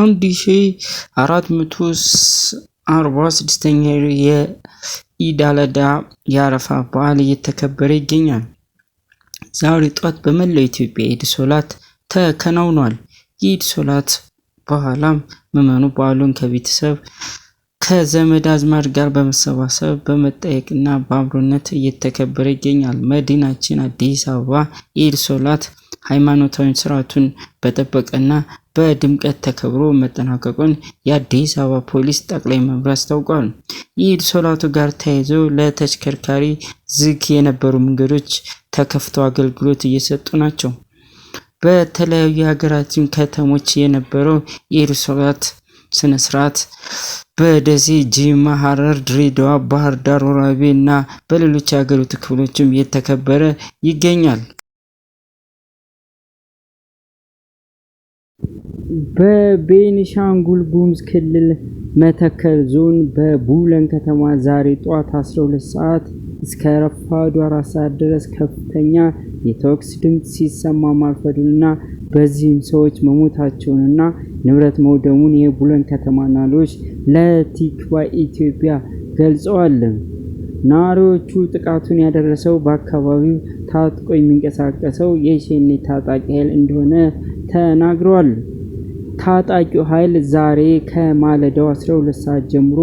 አንድ ሺ አራት መቶ አርባ ስድስተኛ የኢዳለዳ የአረፋ በዓል እየተከበረ ይገኛል። ዛሬ ጠዋት በመላው ኢትዮጵያ ኢድ ሶላት ተከናውኗል። የኢድ ሶላት በኋላም ምዕመኑ በዓሉን ከቤተሰብ ከዘመድ አዝማድ ጋር በመሰባሰብ በመጠየቅና በአብሮነት እየተከበረ ይገኛል። መዲናችን አዲስ አበባ የኢድ ሶላት ሃይማኖታዊ ስርዓቱን በጠበቀና በድምቀት ተከብሮ መጠናቀቁን የአዲስ አበባ ፖሊስ ጠቅላይ መምሪያ አስታውቋል። ኢድ ሶላቱ ጋር ተያይዞ ለተሽከርካሪ ዝግ የነበሩ መንገዶች ተከፍተው አገልግሎት እየሰጡ ናቸው። በተለያዩ የሀገራችን ከተሞች የነበረው የኢድ ሶላት ስነ ስርዓት በደሴ፣ ጂማ፣ ሐረር፣ ድሬዳዋ፣ ባህር ዳር፣ ወራቤ እና በሌሎች የሀገሪቱ ክፍሎችም እየተከበረ ይገኛል። በቤኒሻንጉል ጉሙዝ ክልል መተከል ዞን በቡለን ከተማ ዛሬ ጠዋት 12 ሰዓት እስከ ረፋዱ አራት ሰዓት ድረስ ከፍተኛ የተኩስ ድምፅ ሲሰማ ማርፈዱንና በዚህም ሰዎች መሞታቸውንና ንብረት መውደሙን የቡለን ከተማ ነዋሪዎች ለቲክባ ኢትዮጵያ ገልጸዋል። ነዋሪዎቹ ጥቃቱን ያደረሰው በአካባቢው ታጥቆ የሚንቀሳቀሰው የሸኔ ታጣቂ ኃይል እንደሆነ ተናግረዋል። ታጣቂው ኃይል ዛሬ ከማለዳው 12 ሰዓት ጀምሮ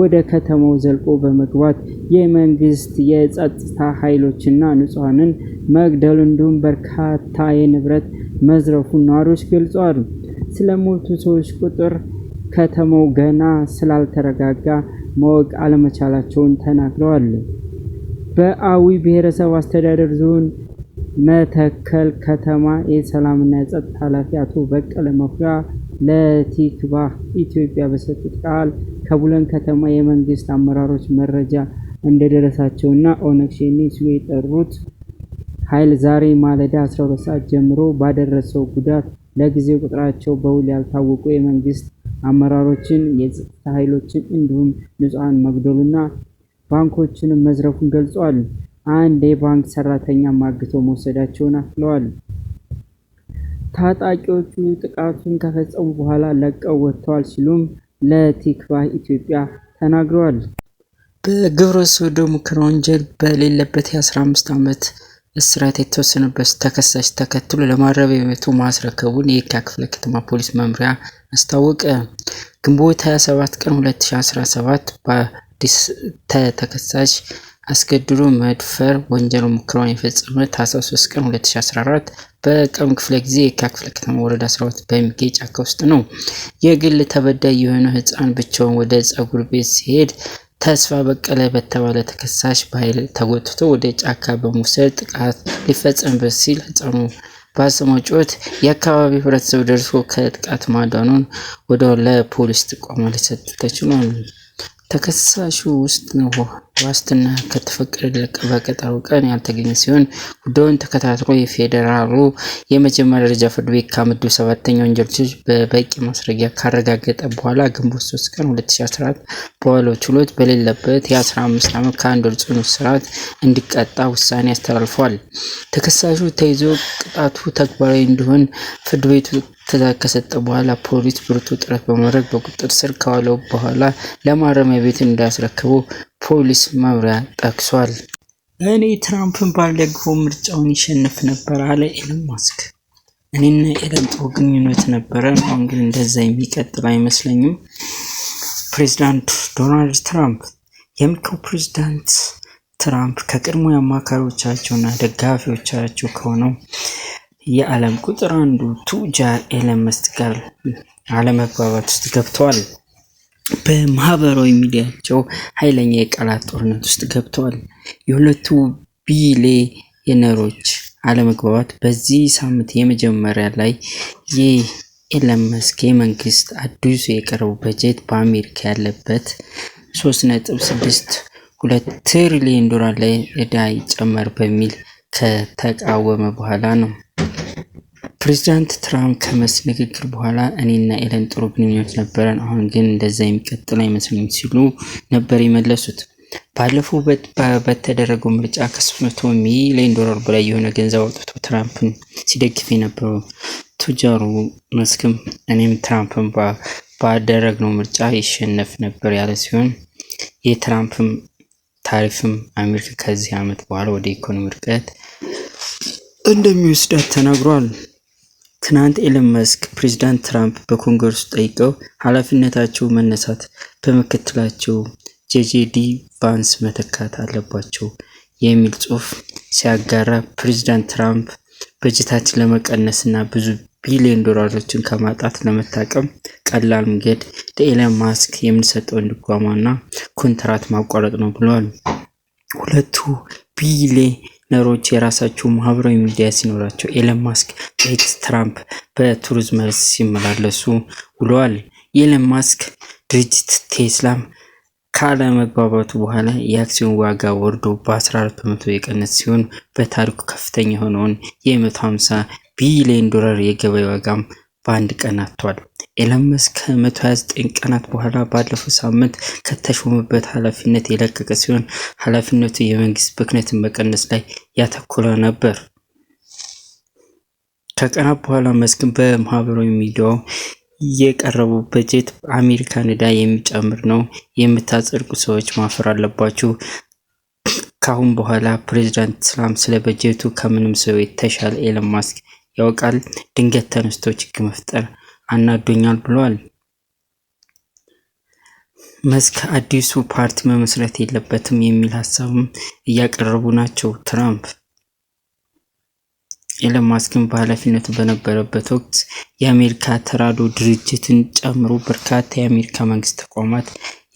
ወደ ከተማው ዘልቆ በመግባት የመንግስት የጸጥታ ኃይሎችና ንጹሐንን መግደሉ እንዲሁም በርካታ የንብረት መዝረፉን ነዋሪዎች ገልጸዋል። ስለሞቱ ሰዎች ቁጥር ከተማው ገና ስላልተረጋጋ ማወቅ አለመቻላቸውን ተናግረዋል። በአዊ ብሔረሰብ አስተዳደር ዞን መተከል ከተማ የሰላምና የጸጥታ ኃላፊ አቶ በቀለ መኩሪያ ለቲክቫህ ኢትዮጵያ በሰጡት ቃል ከቡለን ከተማ የመንግስት አመራሮች መረጃ እንደደረሳቸውና ኦነግ ሸኔ ሲሉ የጠሩት ኃይል ዛሬ ማለዳ 12 ሰዓት ጀምሮ ባደረሰው ጉዳት ለጊዜው ቁጥራቸው በውል ያልታወቁ የመንግስት አመራሮችን፣ የጸጥታ ኃይሎችን እንዲሁም ንጹሐን መግደሉና ባንኮችንም መዝረፉን ገልጿል። አንድ የባንክ ሰራተኛ ማግቶ መውሰዳቸውን አክለዋል። ታጣቂዎቹ ጥቃቱን ከፈጸሙ በኋላ ለቀው ወጥተዋል ሲሉም ለቲክቫ ኢትዮጵያ ተናግረዋል። በግብረ ሰዶም ምክር ወንጀል በሌለበት የ15 ዓመት እስራት የተወሰነበት ተከሳሽ ተከትሎ ለማረብ ቤቱ ማስረከቡን የየካ ክፍለ ከተማ ፖሊስ መምሪያ አስታወቀ። ግንቦት 27 ቀን 2017 በአዲስ ተከሳሽ አስገድዶ መድፈር ወንጀል ሙከራውን የፈጸመ ታህሳስ 3 ቀን 2014 በቀም ክፍለ ጊዜ የካ ክፍለ ከተማ ወረዳ 12 በሚገኝ ጫካ ውስጥ ነው። የግል ተበዳይ የሆነው ህፃን ብቻውን ወደ ጸጉር ቤት ሲሄድ ተስፋ በቀለ በተባለ ተከሳሽ በኃይል ተጎትቶ ወደ ጫካ በመውሰድ ጥቃት ሊፈጸምበት ሲል ህፃኑ ባሰማው ጩኸት የአካባቢ ህብረተሰብ ደርሶ ከጥቃት ማዳኑን ወደ ለፖሊስ ጥቆማ ሊሰጥ ተችሏል። ተከሳሹ ውስጥ ነው ዋስትና ከተፈቀደለት በቀጠሮ ቀን ያልተገኘ ሲሆን ጉዳዩን ተከታትሎ የፌዴራሉ የመጀመሪያ ደረጃ ፍርድ ቤት ከአምዱ ሰባተኛ ወንጀል ችሎት በበቂ ማስረጃ ካረጋገጠ በኋላ ግንቦት 3 ቀን 2014 በዋለው ችሎት በሌለበት የ15 ዓመት ከአንድ ወር ጽኑ እስራት እንዲቀጣ ውሳኔ አስተላልፏል። ተከሳሹ ተይዞ ቅጣቱ ተግባራዊ እንዲሆን ፍርድ ቤቱ ትዕዛዝ ከሰጠ በኋላ ፖሊስ ብርቱ ጥረት በማድረግ በቁጥጥር ስር ካዋለው በኋላ ለማረሚያ ቤት እንዳስረክበው ፖሊስ መምሪያ ጠቅሷል። እኔ ትራምፕን ባልደግፎ ምርጫውን ይሸንፍ ነበር አለ ኤለን ማስክ። እኔና ኤለን ጥሩ ግንኙነት ነበረ። አሁን ግን እንደዛ የሚቀጥል አይመስለኝም። ፕሬዚዳንት ዶናልድ ትራምፕ የምልከው ፕሬዚዳንት ትራምፕ ከቅድሞ አማካሪዎቻቸው ደጋፊዎቻቸው ከሆነው የዓለም ቁጥር አንዱ ቱጃር ኤለን መስክ ጋር አለመግባባት ውስጥ ገብተዋል። በማህበራዊ ሚዲያቸው ኃይለኛ የቃላት ጦርነት ውስጥ ገብተዋል። የሁለቱ ቢሊየነሮች አለመግባባት በዚህ ሳምንት የመጀመሪያ ላይ የኤለን መስክ የመንግስት አዲሱ የቀረቡ በጀት በአሜሪካ ያለበት 3.6 ሁለት ትሪሊዮን ዶላር ላይ እዳ ይጨመር በሚል ከተቃወመ በኋላ ነው። ፕሬዚዳንት ትራምፕ ከመስ ንግግር በኋላ እኔና ኤለን ጥሩ ግንኙነት ነበረን፣ አሁን ግን እንደዛ የሚቀጥል አይመስለኝም ሲሉ ነበር የመለሱት። ባለፈው በተደረገው ምርጫ ከ300 ሚሊዮን ዶላር በላይ የሆነ ገንዘብ አውጥቶ ትራምፕን ሲደግፍ የነበረው ቱጃሩ መስክም እኔም ትራምፕን ባደረግነው ምርጫ ይሸነፍ ነበር ያለ ሲሆን የትራምፕም ታሪፍም አሜሪካ ከዚህ ዓመት በኋላ ወደ ኢኮኖሚ ርቀት እንደሚወስዳት ተናግሯል። ትናንት ኤለን መስክ ፕሬዚዳንት ትራምፕ በኮንግረሱ ጠይቀው ኃላፊነታቸው መነሳት በምክትላቸው ጄጄዲ ቫንስ መተካት አለባቸው የሚል ጽሑፍ ሲያጋራ ፕሬዚዳንት ትራምፕ በጀታችን ለመቀነስ እና ብዙ ቢሊዮን ዶላሮችን ከማጣት ለመታቀም ቀላል መንገድ ለኤለን ማስክ የምንሰጠውን ድጎማና ኮንትራት ማቋረጥ ነው ብለዋል። ሁለቱ ቢሊዮን ነሮች የራሳቸው ማህበራዊ ሚዲያ ሲኖራቸው ኤለን ማስክ ኤክስ ትራምፕ በቱሪዝም መልስ ሲመላለሱ ውለዋል። የኤለን ማስክ ድርጅት ቴስላም ካለመግባባቱ በኋላ የአክሲዮን ዋጋ ወርዶ በ14 በመቶ የቀነሰ ሲሆን በታሪኩ ከፍተኛ የሆነውን የ150 ቢሊዮን ዶላር የገበያ ዋጋም በአንድ ቀን አጥቷል። ኤለን መስክ ከ129 ቀናት በኋላ ባለፈው ሳምንት ከተሾመበት ኃላፊነት የለቀቀ ሲሆን ኃላፊነቱ የመንግስት ብክነትን መቀነስ ላይ ያተኮረ ነበር። ከቀናት በኋላ መስክን በማህበራዊ ሚዲያው የቀረቡ በጀት አሜሪካን ዕዳ የሚጨምር ነው። የምታጸድቁ ሰዎች ማፈር አለባችሁ። ከአሁን በኋላ ፕሬዚዳንት ትራምፕ ስለ በጀቱ ከምንም ሰው የተሻለ ኤለን ማስክ ያውቃል። ድንገት ተነስቶ ችግር መፍጠር አናዶኛል ብሏል። መስክ አዲሱ ፓርቲ መመስረት የለበትም የሚል ሀሳብም እያቀረቡ ናቸው ትራምፕ። ኤለን ማስክን በኃላፊነቱ በነበረበት ወቅት የአሜሪካ ተራድኦ ድርጅትን ጨምሮ በርካታ የአሜሪካ መንግስት ተቋማት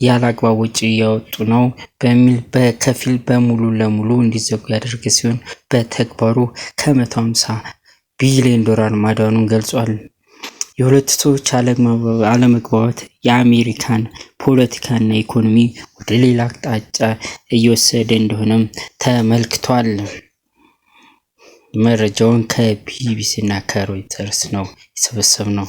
ያለ አግባብ ወጪ እያወጡ ነው በሚል በከፊል በሙሉ ለሙሉ እንዲዘጉ ያደረገ ሲሆን በተግባሩ ከ150 ቢሊዮን ዶላር ማዳኑን ገልጿል። የሁለት ሰዎች አለመግባባት የአሜሪካን ፖለቲካና ኢኮኖሚ ወደ ሌላ አቅጣጫ እየወሰደ እንደሆነም ተመልክቷል። መረጃውን ከቢቢሲና ከሮይተርስ ነው የሰበሰብ ነው።